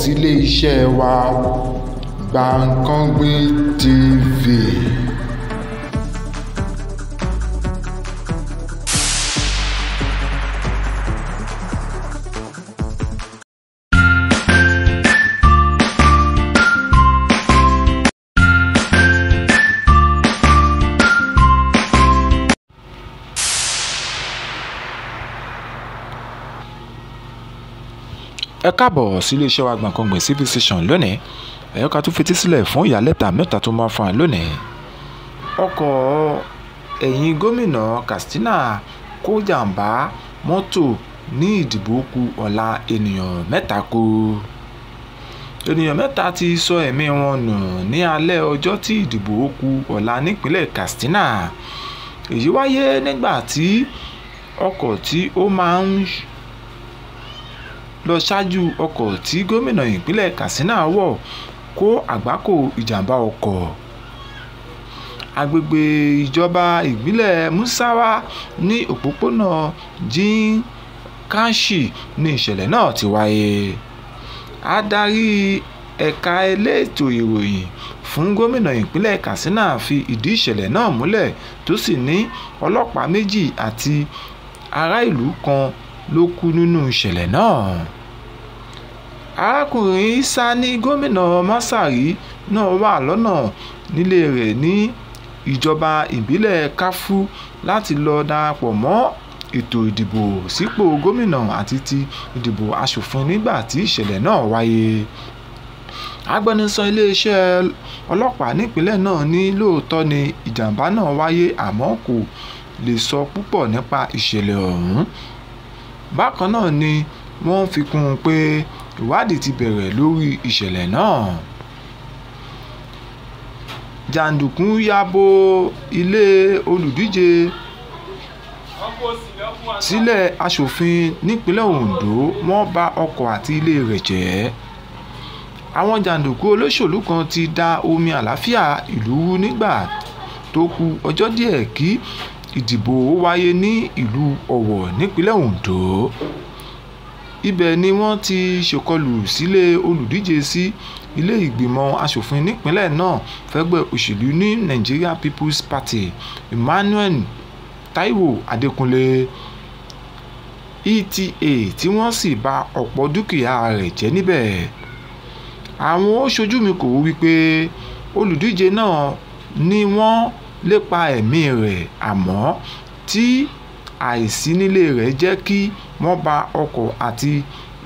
sílé iṣẹ́ wa Gbankanbi TV. káàbọ̀ sí iléeṣẹ́ wa Gbankangbin civil station lónìí ẹ̀yọ́ ká tún fetí sílẹ̀ fún ìyálẹ́ta mẹ́ta tó máa fa lónìí. ọkọ̀ ẹ̀yìn gómìnà Katsina kó jàǹbá mọ́tò ní ìdìbò kù ọ̀la ènìyàn mẹ́ta kú ènìyàn mẹ́ta ti sọ ẹ̀mí wọn nù ní alẹ́ ọjọ́ tí ìdìbò kù ọ̀la nípínlẹ̀ Katsina èyí wáyé nígbà tí ọkọ̀ tí ó máa ń lọ ṣáájú ọkọ̀ tí gómìnà ìpínlẹ̀ Katsina wọ̀ kó àgbákò ìjàmbá ọkọ̀ agbègbè ìjọba ìbílẹ̀ Musawa ní òpópónà Jinkanshi ni ìṣẹ̀lẹ̀ náà ti wáyé. Adarí ẹ̀ka elétò ìròyìn fún gómìnà ìpínlẹ̀ Katsina fi ìdí ìṣẹ̀lẹ̀ náà múlẹ̀ tó sì ní ọlọ́pàá méjì àti ará ìlú kan ló kú nínú ìṣẹ̀lẹ̀ náà arákùnrin Isa ní gómìnà Masari náà wà lọ́nà nílé rẹ̀ ní ìjọba ìbílẹ̀ Káfú láti lọ darapọ̀ mọ́ ètò ìdìbò sípò gómìnà àti ti ìdìbò asòfin nígbà tí ìṣẹ̀lẹ̀ náà wáyé agbẹnusọ iléeṣẹ́ ọlọ́pàá nípínlẹ̀ náà ní lóòótọ́ ni ìjàmbá náà wáyé àmọ́ kò lè sọ púpọ̀ nípa ìṣẹ̀lẹ̀ ọ̀hún bákan náà ni wọ́n fi kún un pé ìwádìí ti bẹ̀rẹ̀ lórí ìṣẹ̀lẹ̀ náà jàǹdùkú ya bo ilé olùdíje sílẹ̀ asòfin nípínlẹ̀ Ondo wọ́n ba ọkọ̀ àti ilé rẹ̀ jẹ́ àwọn jàǹdùkú olóṣèlú kan ti da omi àlàáfíà ìlú rú nígbà tó kù ọjọ́ díẹ̀ kí ìdìbò wáyé ní ìlú Ọ̀wọ̀ nípínlẹ̀ Ondo ibẹ̀ ni wọ́n ti ṣèkọlù sílé olùdíje sí ilé ìgbìmọ̀ asòfin nípínlẹ̀ náà fẹ́gbẹ́ òṣèlú ní Nigeria People's Party Emmanuel Taiwo Adekunle ETA tí wọ́n sì ba ọ̀pọ̀ dúkìá rẹ̀ jẹ́ níbẹ̀ àwọn oṣojú mi kò wípé olùdíje náà ni wọ́n lépa ẹ̀mí rẹ̀ àmọ́ tí àìsí nílé rẹ̀ jẹ́ kí wọ́n ba ọkọ̀ àti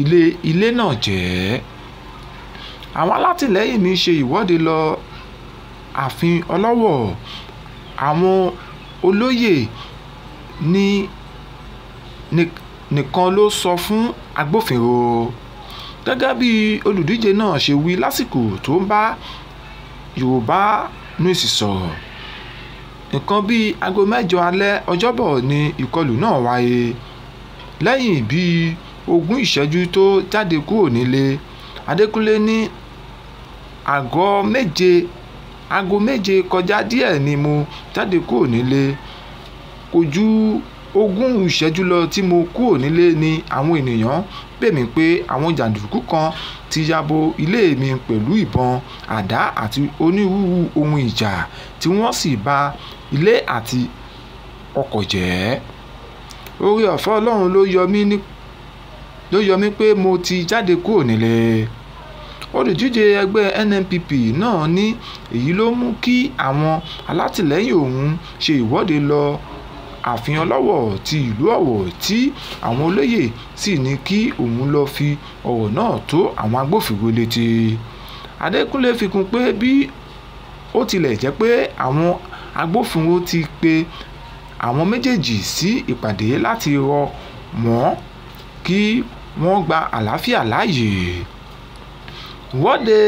ilé ilé náà jẹ́. àwọn alátìlẹ́yìn mi ṣe ìwọ́de lọ ààfin ọlọ́wọ̀ àwọn olóyè ní nìkan ló sọ fún agbófinró gẹ́gẹ́ bí olùdíje náà ṣe wí lásìkò tó ń bá Yorùbá News sọ̀rọ̀ nǹkan bíi aago mẹ́jọ alẹ́ ọjọ́bọ̀ ni ìkọlù náà wáyé lẹ́yìn bíi ogún ìṣẹ́jú tó jáde kúrò nílé Adékúnlé ní àgọ́ méje aago méje kọjá díẹ̀ ni mo jáde kúrò nílé kò ju ogún ìṣẹ́jú lọ tí mo kúrò nílé ni àwọn ènìyàn pè mí pé àwọn jàǹdùkú kan ti ya bo ilé mi pẹ̀lú ìbọn àdá àti onírúurú ohun ìjà tí wọ́n sì ba ilé àti ọkọ̀ jẹ́ oore ọ̀fẹ́ Ọlọ́run ló yọ mí pé mo ti jáde kúrò nílé olùdíje ẹgbẹ́ NNPP náà ní èyí ló mú kí àwọn alátìlẹ́yìn òun ṣe ìwọ́de lọ ààfin ọlọ́wọ̀ ti ìlú ọ̀wọ̀ tí àwọn olóyè sì ní kí òun lọ́ọ́ fi ọ̀rọ̀ náà tó àwọn agbófinró létí adékúnlé fi kún pé bí ó tilẹ̀ jẹ́ pé àwọn agbófinró ti pe àwọn méjèèjì sí ìpàdé láti rọ mọ́ kí wọ́n gba àlàáfíà láàyè ìwọ́de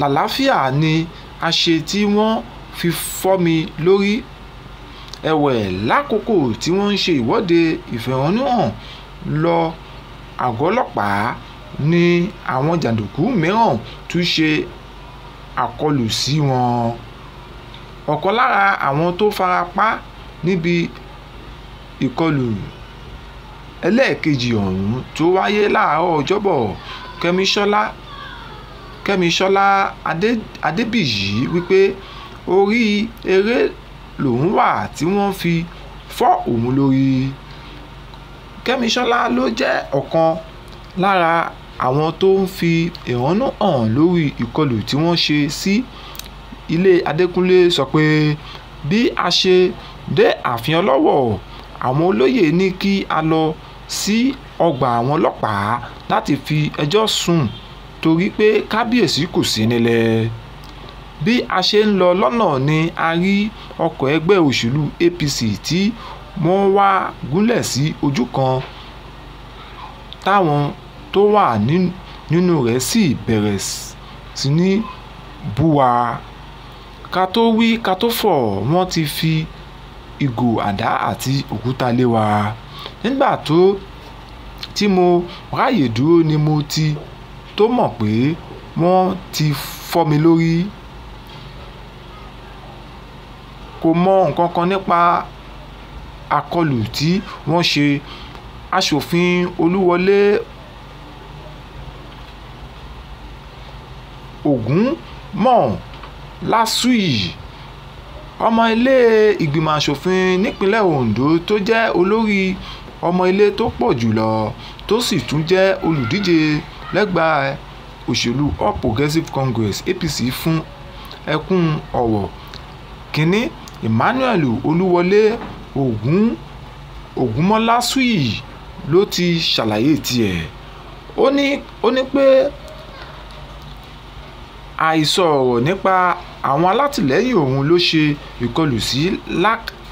làlàáfíà ni a ṣe tí wọ́n fi fọ́ mi lórí ẹ̀wẹ̀ lákòókò tí wọ́n ń ṣe ìwọ́de ìfẹ̀hónúhàn lọ àgọ́ ọlọ́pàá ni àwọn jàǹdùkú mìíràn tún ṣe àkọlù sí wọn ọ̀kan lára àwọn tó fara pa níbi ìkọlù ẹlẹ́ẹ̀kejì ọ̀hún tó wáyé láàárọ̀ ọjọ́bọ̀ kẹ́míṣọ́lá kẹ́míṣọ́lá adébíyì wípé orí eré lòun wà tí wọ́n fi fọ́ òun lórí kẹ́misọ́lá ló jẹ́ ọ̀kan lára àwọn tó ń fi ìrònú hàn lórí ìkọlù tí wọ́n ṣe sí ilé adékúnlé sọ pé bí a ṣe dé ààfin ọlọ́wọ̀ àwọn olóyè ní kí a lọ sí ọgbà àwọn ọlọ́pàá láti fi ẹjọ́ sùn torí pé kábíyèsí kò sí nílẹ̀ Bí a ṣe ń lọ lọ́nà ni a rí ọkọ̀ ẹgbẹ́ òṣèlú APC tí wọ́n wá gúnlẹ̀ sí ojú kan táwọn tó wà nínú rẹ̀ sì bẹ̀rẹ̀ sí ní bú wa. Ká tó wí ká tó fọ̀ wọ́n ti fi ìgò àdá àti òkúta lé wa. Nígbà tí mo ráàyè dúró ni mo tó mọ̀ pé wọ́n ti fọ́ mi lórí kò mọ nǹkan kan nípa àkọlù tí wọ́n ṣe asòfin olúwọlé ògúnmọ̀láṣùyí ọmọ ilé ìgbìmọ̀ asòfin nípínlẹ̀ ondo tó jẹ́ olórí ọmọ ilé tó pọ̀ jùlọ tó sì tún jẹ́ olùdíje lẹ́gbà òṣèlú all progressives congress apc fún ẹkùn ọ̀wọ̀ kínní emmanuel olúwọlé ogun ogunmọ́lá sùyí ló ti ṣàlàyé tiẹ̀ ó ní ó ní pé àìsọ ọ̀rọ̀ nípa àwọn alátìlẹ́yìn òun ló ṣe ìkọlù sí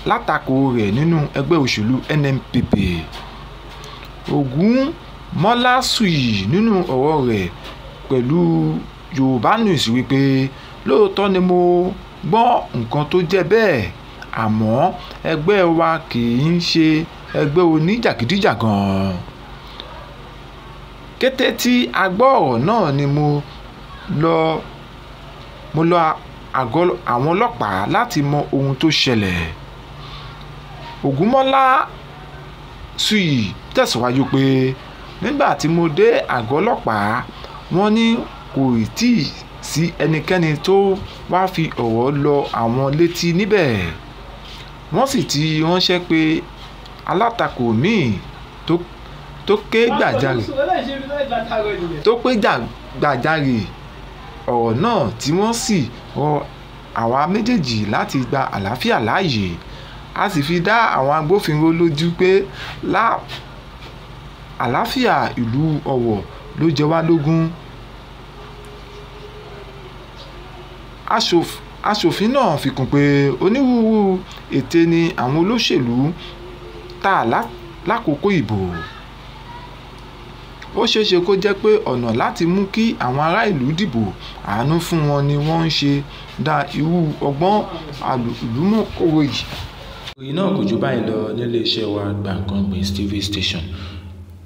látakò rẹ̀ nínú ẹgbẹ́ òṣèlú NNPP ogunmọ́lá sùyí nínú ọ̀rọ̀ rẹ̀ pẹ̀lú yorùbá news wípé lóòótọ́ ni mo gbọ́ nǹkan tó jẹ́ bẹ́ẹ̀ àmọ́ ẹgbẹ́ wa kì í ṣe ẹgbẹ́ oníjàgídíjàgan. kété tí a gbọ́ ọ̀rọ̀ náà ni mo lọ mo lọ àgọ́ àwọn ọlọ́pàá láti mọ ohun tó ṣẹlẹ̀. ògúnmọ́lá sùyì tẹ̀síwájú pé nígbà tí mo dé àgọ́ ọlọ́pàá wọ́n ní kò tíì sí ẹnikẹ́ni tó bá fi ọ̀rọ̀ lọ àwọn létí níbẹ̀ wọ́n sì ti ránṣẹ́ pé alátakò míì tó ké gbàjarè tó pé gbàjarè ọ̀rọ̀ náà tí wọ́n sì rọ àwa méjèèjì láti gba àlàáfíà láàyè a sì fi dá àwọn agbófinró lójú pé àlàáfíà ìlú Ọ̀wọ̀ ló jẹ wá lógún. aṣòfin náà fi kún pé onírúurú ète ni àwọn olóṣèlú ta lákòókò ìbò ó ṣeéṣe kó jẹ́ pé ọ̀nà láti mú kí àwọn ará ìlú dìbò àánú fún wọn ni wọ́n ń ṣe da irú ọgbọ́n àlùmọ̀kòrò yìí. ìròyìn náà kò jù báyìí lọ nílé iṣẹ́ wa Gbankanbi TV station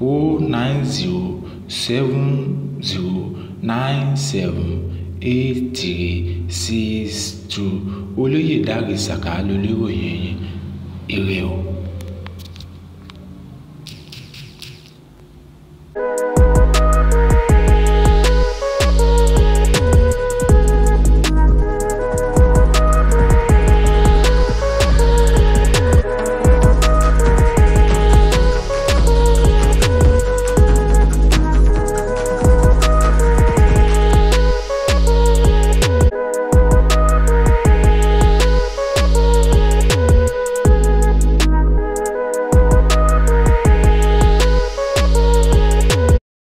nine nine zero zero seven seven eight three six 09070978362 olóyè dáre ṣáká lolùròyìn ire o